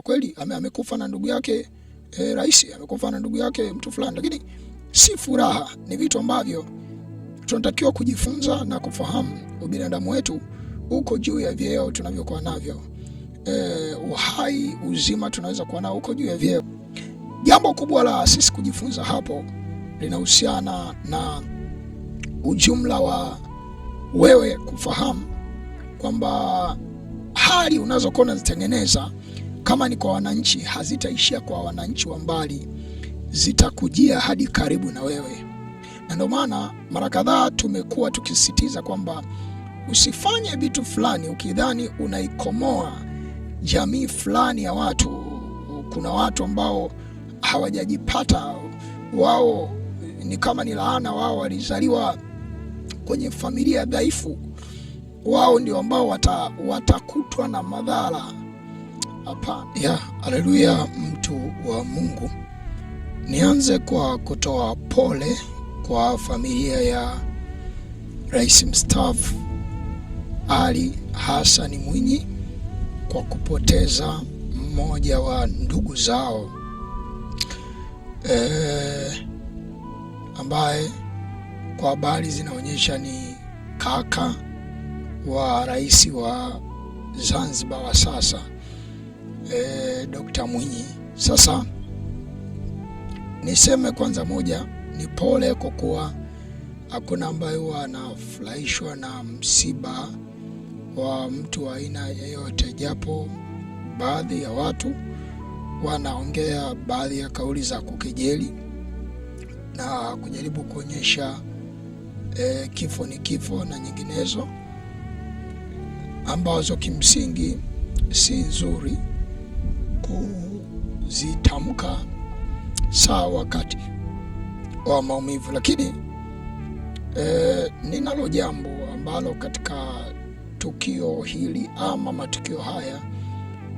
kwa kweli amekufa na ndugu yake e, rais amekufa na ndugu yake mtu fulani, lakini si furaha. Ni vitu ambavyo tunatakiwa kujifunza na kufahamu ubinadamu wetu uko juu ya vyeo tunavyokuwa navyo. E, uhai uzima tunaweza kuwa nao uko juu ya vyeo. Jambo kubwa la sisi kujifunza hapo linahusiana na ujumla wa wewe kufahamu kwamba hali unazokuwa unazitengeneza kama ni kwa wananchi, hazitaishia kwa wananchi wa mbali, zitakujia hadi karibu na wewe. Na ndio maana mara kadhaa tumekuwa tukisisitiza kwamba usifanye vitu fulani ukidhani unaikomoa jamii fulani ya watu. Kuna watu ambao hawajajipata wao, ni kama ni laana, wao walizaliwa kwenye familia dhaifu, wao ndio ambao watakutwa wata na madhara hapa ya haleluya, mtu wa Mungu, nianze kwa kutoa pole kwa familia ya rais mstaafu Ali Hassan Mwinyi kwa kupoteza mmoja wa ndugu zao e, ambaye kwa habari zinaonyesha ni kaka wa rais wa Zanzibar wa sasa eh, Dokta Mwinyi. Sasa niseme kwanza, moja ni pole, kwa kuwa hakuna ambaye huwa anafurahishwa na msiba wa mtu wa aina yeyote, japo baadhi ya watu wanaongea baadhi ya kauli za kukejeli na kujaribu kuonyesha e, kifo ni kifo na nyinginezo ambazo kimsingi si nzuri kuzitamka saa wakati wa maumivu, lakini e, ninalo jambo ambalo katika tukio hili ama matukio haya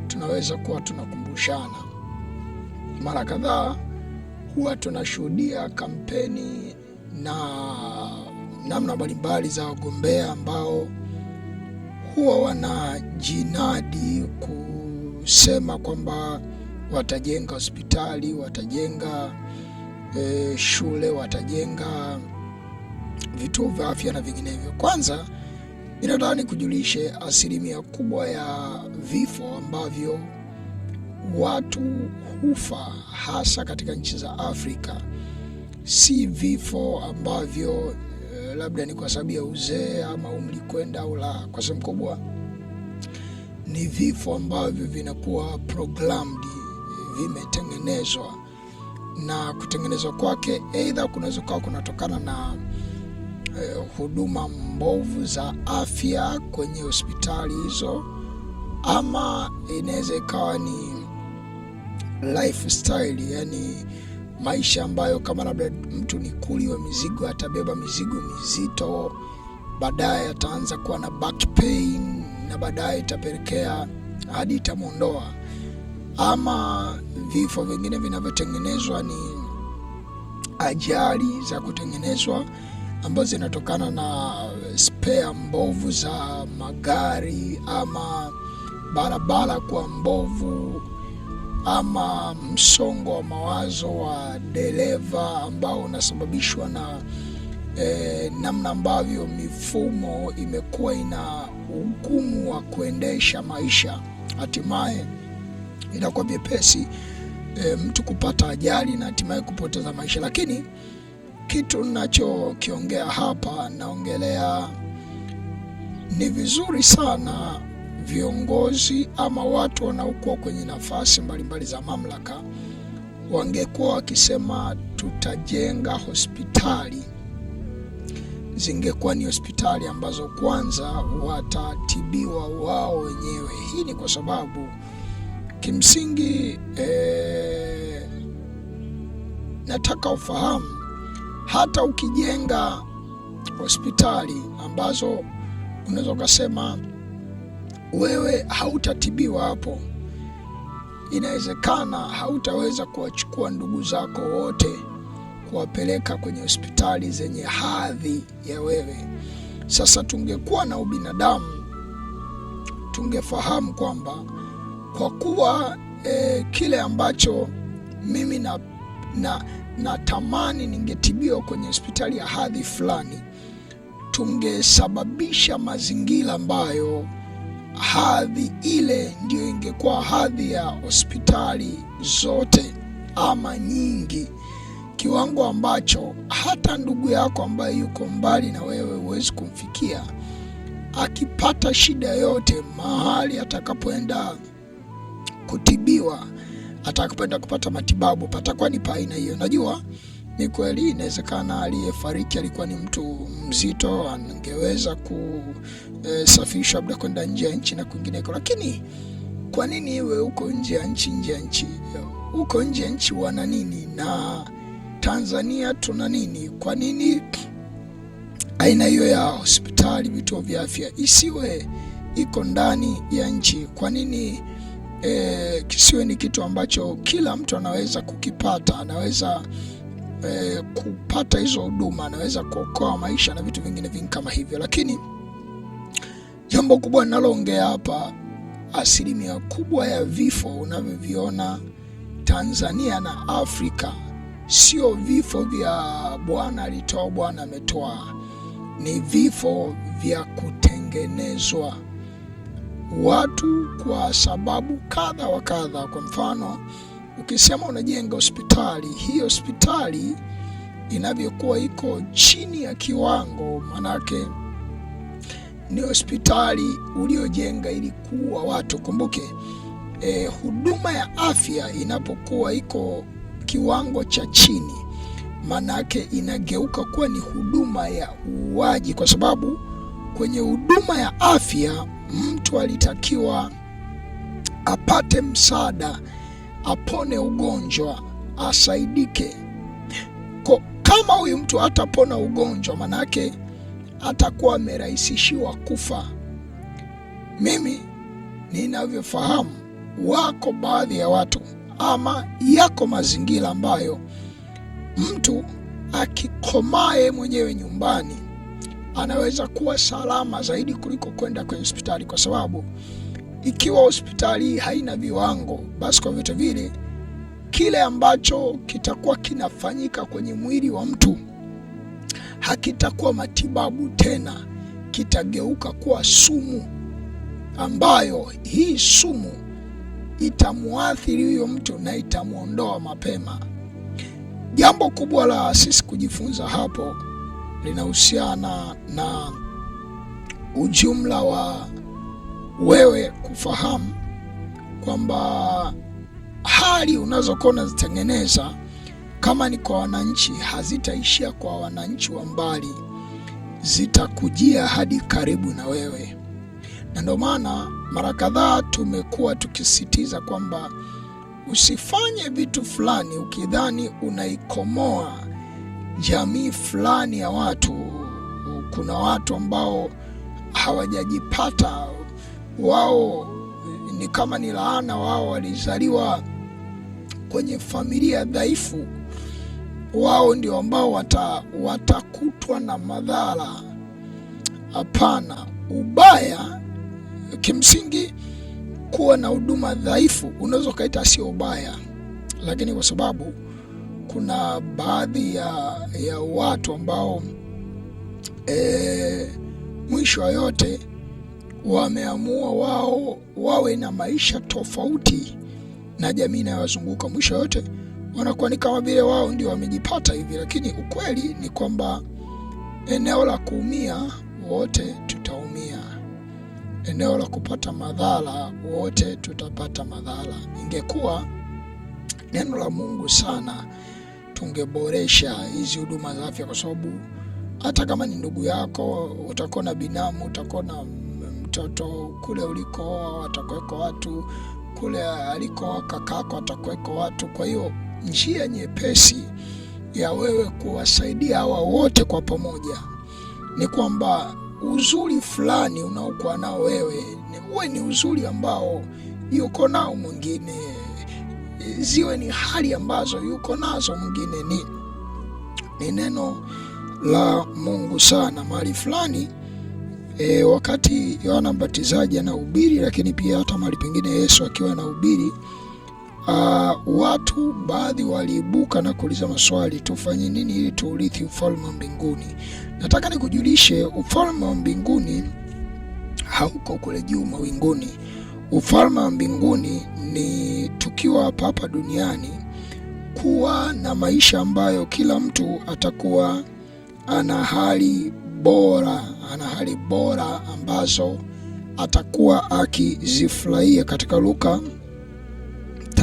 tunaweza kuwa tunakumbushana mara kadhaa. Huwa tunashuhudia kampeni na namna mbalimbali za wagombea ambao huwa wanajinadi ku kusema kwamba watajenga hospitali, watajenga e, shule, watajenga vituo vya afya na vinginevyo. Kwanza inataka kujulishe, asilimia kubwa ya vifo ambavyo watu hufa hasa katika nchi za Afrika si vifo ambavyo e, labda ni kwa sababu ya uzee ama umri kwenda au la, kwa sehemu kubwa ni vifo ambavyo vinakuwa programmed, vimetengenezwa na kutengenezwa kwake, aidha kunaweza kuwa kunatokana na eh, huduma mbovu za afya kwenye hospitali hizo, ama inaweza ikawa ni lifestyle, yani maisha ambayo kama labda mtu ni kuli wa mizigo, atabeba mizigo mizito, baadaye ataanza kuwa na back pain na baadaye itapelekea hadi itamwondoa. Ama vifo vingine vinavyotengenezwa ni ajali za kutengenezwa ambazo zinatokana na spea mbovu za magari ama barabara kwa mbovu ama msongo wa mawazo wa dereva ambao unasababishwa na eh, namna ambavyo mifumo imekuwa ina ugumu wa kuendesha maisha, hatimaye inakuwa mepesi e, mtu kupata ajali na hatimaye kupoteza maisha. Lakini kitu ninachokiongea hapa, naongelea ni vizuri sana viongozi ama watu wanaokuwa kwenye nafasi mbalimbali za mamlaka wangekuwa wakisema tutajenga hospitali zingekuwa ni hospitali ambazo kwanza watatibiwa wao wenyewe. Hii ni kwa sababu kimsingi e, nataka ufahamu hata ukijenga hospitali ambazo unaweza ukasema wewe hautatibiwa hapo, inawezekana hautaweza kuwachukua ndugu zako wote kuwapeleka kwenye hospitali zenye hadhi ya wewe. Sasa tungekuwa na ubinadamu, tungefahamu kwamba kwa kuwa eh, kile ambacho mimi na, na, tamani ningetibiwa kwenye hospitali ya hadhi fulani, tungesababisha mazingira ambayo hadhi ile ndiyo ingekuwa hadhi ya hospitali zote ama nyingi kiwango ambacho hata ndugu yako ambaye yuko mbali na wewe huwezi kumfikia, akipata shida yote mahali atakapoenda kutibiwa, atakapoenda kupata matibabu patakuwa ni pa aina hiyo. Najua ni kweli, inawezekana aliyefariki alikuwa ni mtu mzito, angeweza kusafirishwa eh, labda kwenda nje ya nchi na kwingineko, lakini kwa nini iwe huko nje ya nchi? Nje ya nchi, huko nje ya nchi wana nini na Tanzania tuna nini? Kwa nini aina hiyo ya hospitali, vituo vya afya isiwe iko ndani ya nchi? Kwa nini e, kisiwe ni kitu ambacho kila mtu anaweza kukipata, anaweza e, kupata hizo huduma, anaweza kuokoa maisha na vitu vingine vingi kama hivyo. Lakini jambo kubwa ninaloongea hapa, asilimia kubwa ya vifo unavyoviona Tanzania na Afrika sio vifo vya Bwana alitoa, Bwana ametoa, ni vifo vya kutengenezwa watu kwa sababu kadha wa kadha. Kwa mfano, ukisema unajenga hospitali, hii hospitali inavyokuwa iko chini ya kiwango, manake ni hospitali uliojenga ili kuua watu. Kumbuke eh, huduma ya afya inapokuwa iko kiwango cha chini, manake inageuka kuwa ni huduma ya uuaji, kwa sababu kwenye huduma ya afya mtu alitakiwa apate msaada, apone ugonjwa, asaidike. Kwa kama huyu mtu hatapona ugonjwa, manake atakuwa amerahisishiwa kufa. Mimi ninavyofahamu, wako baadhi ya watu ama yako mazingira ambayo mtu akikomae mwenyewe nyumbani anaweza kuwa salama zaidi kuliko kwenda kwenye hospitali, kwa sababu ikiwa hospitali haina viwango, basi kwa vyote vile kile ambacho kitakuwa kinafanyika kwenye mwili wa mtu hakitakuwa matibabu tena, kitageuka kuwa sumu, ambayo hii sumu itamwathiri huyo mtu na itamwondoa mapema. Jambo kubwa la sisi kujifunza hapo linahusiana na ujumla wa wewe kufahamu kwamba hali unazokuwa unazitengeneza kama ni kwa wananchi, hazitaishia kwa wananchi wa mbali, zitakujia hadi karibu na wewe, na ndio maana mara kadhaa tumekuwa tukisisitiza kwamba usifanye vitu fulani ukidhani unaikomoa jamii fulani ya watu. Kuna watu ambao hawajajipata wao, ni kama ni laana, wao walizaliwa kwenye familia dhaifu, wao ndio ambao wata, watakutwa na madhara. Hapana, ubaya kimsingi kuwa na huduma dhaifu unaweza ukaita sio ubaya, lakini kwa sababu kuna baadhi ya, ya watu ambao e, mwisho wa yote wameamua wao wawe na maisha tofauti na jamii inayowazunguka. Mwisho yote wanakuwa ni kama vile wao ndio wamejipata hivi, lakini ukweli ni kwamba eneo la kuumia wote eneo la kupata madhara, wote tutapata madhara. Ingekuwa neno la Mungu sana, tungeboresha hizi huduma za afya, kwa sababu hata kama ni ndugu yako, utakuwa na binamu, utakuwa na mtoto kule ulikoa watakuweko watu kule alikoa kakako, watakuweko watu. Kwa hiyo njia nyepesi ya wewe kuwasaidia hawa wote kwa pamoja ni kwamba uzuri fulani unaokuwa nao wewe, uwe ni uzuri ambao yuko nao mwingine, ziwe ni hali ambazo yuko nazo mwingine. Ni ni neno la Mungu sana mahali fulani. E, wakati Yohana Mbatizaji anahubiri, lakini pia hata mahali pengine Yesu akiwa anahubiri Uh, watu baadhi waliibuka na kuuliza maswali, tufanye nini ili tuurithi ufalme wa mbinguni? Nataka nikujulishe, ufalme wa mbinguni hauko kule juu mawinguni. Ufalme wa mbinguni ni tukiwa hapa hapa duniani, kuwa na maisha ambayo kila mtu atakuwa ana hali bora, ana hali bora ambazo atakuwa akizifurahia katika Luka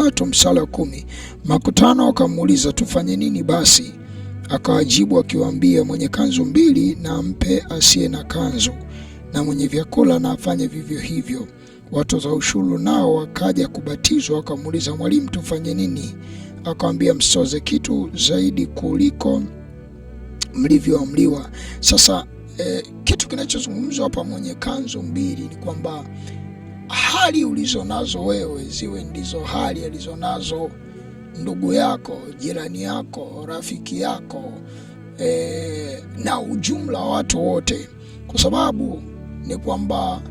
tatu msala wa kumi. Makutano wakamuuliza tufanye nini basi? Akawajibu akiwaambia, mwenye kanzu mbili na ampe asiye na kanzu, na mwenye vyakula na afanye vivyo hivyo. Watoza ushuru nao wakaja kubatizwa, wakamuuliza Mwalimu, tufanye nini? Akawambia, msitoze kitu zaidi kuliko mlivyoamliwa Sasa eh, kitu kinachozungumzwa hapa mwenye kanzu mbili ni kwamba hali ulizonazo wewe ziwe ndizo hali alizonazo ndugu yako, jirani yako, rafiki yako e, na ujumla wa watu wote, kwa sababu ni kwamba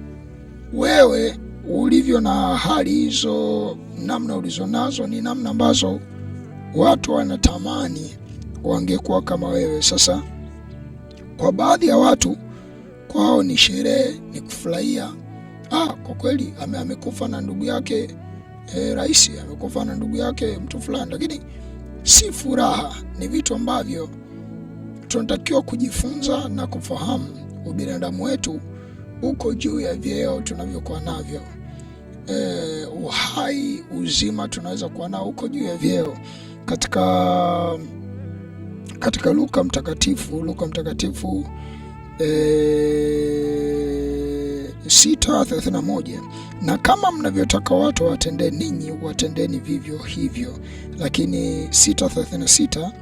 wewe ulivyo na hali hizo, namna ulizonazo ni namna ambazo watu wanatamani wangekuwa kama wewe. Sasa kwa baadhi ya watu kwao ni sherehe, ni kufurahia ah, kwa kweli amekufa na ndugu yake e, rais amekufa na ndugu yake mtu fulani, lakini si furaha. Ni vitu ambavyo tunatakiwa kujifunza na kufahamu ubinadamu wetu uko juu ya vyeo tunavyokuwa navyo. E, uhai uzima tunaweza kuwa nao uko juu ya vyeo. Katika, katika Luka Mtakatifu, Luka Mtakatifu e, 6:31, na kama mnavyotaka watu watendee ninyi, watendeni vivyo hivyo. Lakini 6:36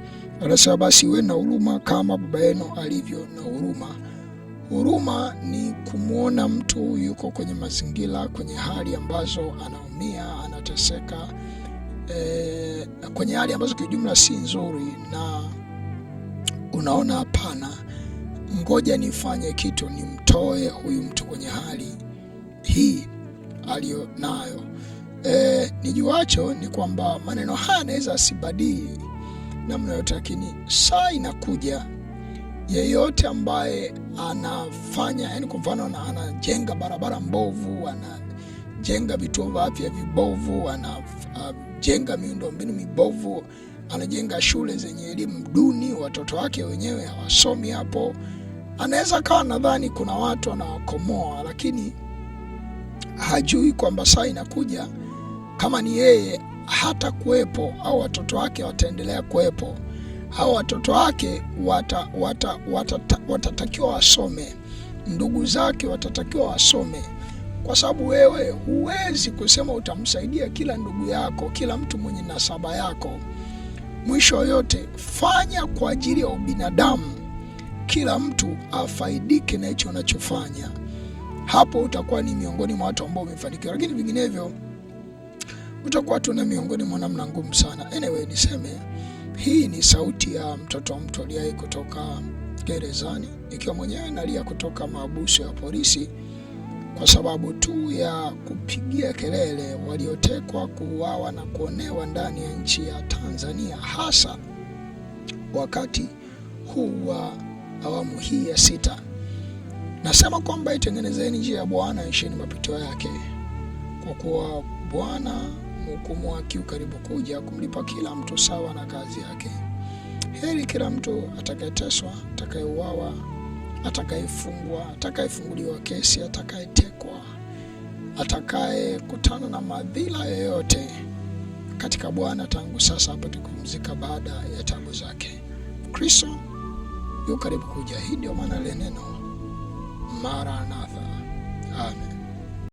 anasema basi uwe na huruma kama baba yenu alivyo na huruma. Huruma ni kumwona mtu yuko kwenye mazingira, kwenye hali ambazo anaumia, anateseka, e, kwenye hali ambazo kiujumla si nzuri, na unaona hapana ngoja nifanye kitu, nimtoe huyu mtu kwenye hali hii aliyonayo. E, nijuacho ni kwamba maneno haya anaweza asibadili namna yote, lakini saa inakuja yeyote ambaye anafanya yani, kwa mfano anajenga barabara mbovu, anajenga vituo vya afya vibovu, anajenga miundombinu mibovu, anajenga shule zenye elimu duni, watoto wake wenyewe hawasomi hapo anaweza kawa nadhani kuna watu anawakomoa, lakini hajui kwamba saa inakuja, kama ni yeye hata kuwepo au watoto wake wataendelea kuwepo au watoto wake watatakiwa wata, wata, wata wasome, ndugu zake watatakiwa wasome, kwa sababu wewe huwezi kusema utamsaidia kila ndugu yako, kila mtu mwenye nasaba yako. Mwisho yote, fanya kwa ajili ya ubinadamu kila mtu afaidike na hicho anachofanya, hapo utakuwa ni miongoni mwa watu ambao umefanikiwa, lakini vinginevyo utakuwa tu na miongoni mwa namna ngumu sana. Anyway, niseme hii ni sauti ya mtoto wa mtu aliaye kutoka gerezani, ikiwa mwenyewe nalia kutoka maabusu ya polisi kwa sababu tu ya kupigia kelele waliotekwa, kuuawa na kuonewa ndani ya nchi ya Tanzania, hasa wakati huu wa awamu hii ya sita. Nasema kwamba itengenezeni njia ya Bwana, ishini mapito yake, kwa kuwa Bwana mhukumu wake karibu kuja, kumlipa kila mtu sawa na kazi yake. Heri kila mtu atakayeteswa, atakayeuawa, atakayefungwa, atakayefunguliwa kesi, atakayetekwa, atakayekutana na madhila yoyote katika Bwana tangu sasa apate kupumzika baada ya tabu zake. Kristo yu karibu kuja. Hii ndio maana ile neno Maranatha. Amen.